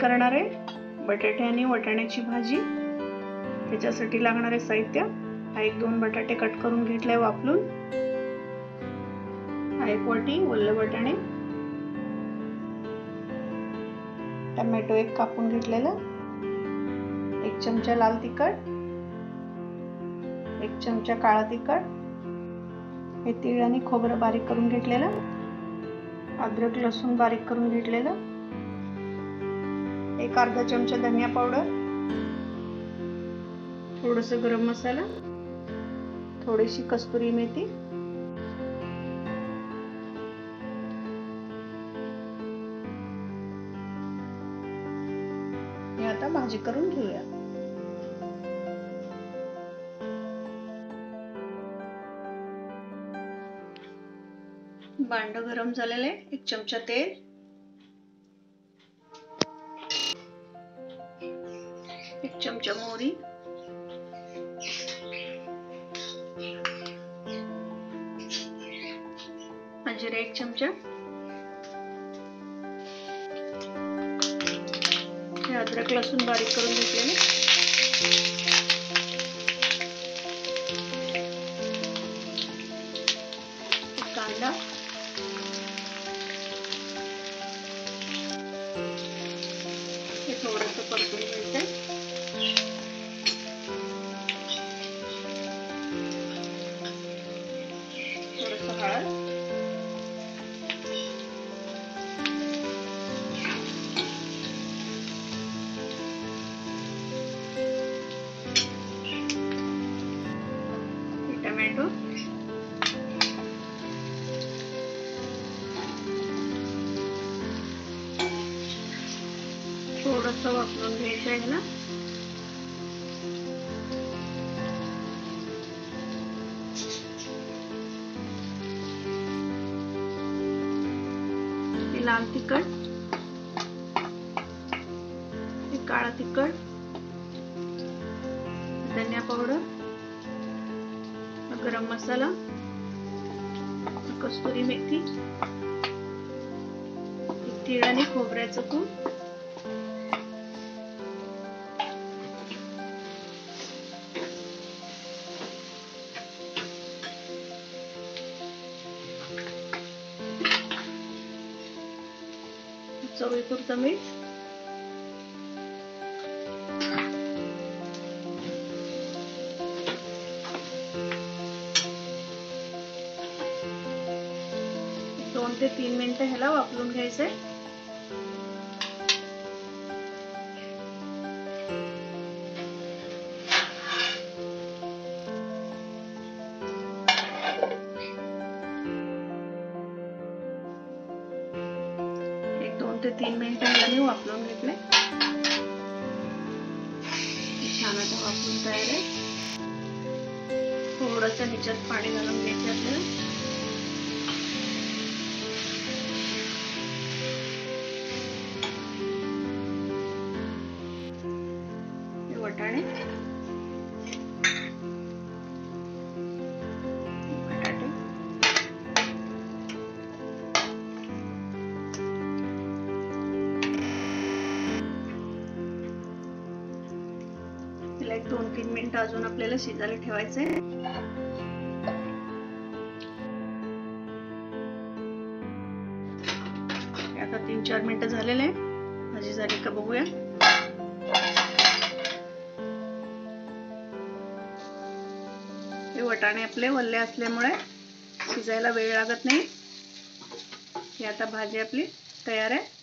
करणार आहे बटाटे आणि वटाण्याची भाजी त्याच्यासाठी लागणारे साहित्य हा एक दोन बटाटे कट करून घेतलाय वापरून हा एक वाटी बटाणे टमॅटो एक कापून घेतलेला एक चमचा लाल तिखट एक चमचा काळा तिखट हे तीळ आणि खोबरं बारीक करून घेतलेलं अद्रक लसूण बारीक करून घेतलेलं एक अर्धा चमचा धनिया पावडर थोडस गरम मसाला थोडीशी कस्तुरी मेथी हे आता भाजी करून घेऊया भांड गरम झालेलं आहे एक चमचा तेल एक चमचम मोरी अंजीरा एक चमचा अद्रक लसूण बारीक करून घेतलेले कांदा असं वापरून घ्यायचं आहे ना लाल तिखट काळा तिखट धनिया पावडर गरम मसाला कस्तुरी मेथी तीळ आणि खोबऱ्याचं तूप चवीपुरतं मीठ दोन ते तीन मिनिटं ह्याला वापरून घ्यायचंय तीन मिनिटांना मी वापरून घेतले छान आता वापरून तयार आहे थोडस ह्याच्यात पाणी घालून घ्यायचं असेल एक दोन तीन मिनिटं अजून आपल्याला शिजायला ठेवायचंय आता तीन चार मिनटं झालेले भाजी झाली का बघूया हे वटाणे आपले वल्ले असल्यामुळे शिजायला वेळ लागत नाही ही आता भाजी आपली तयार आहे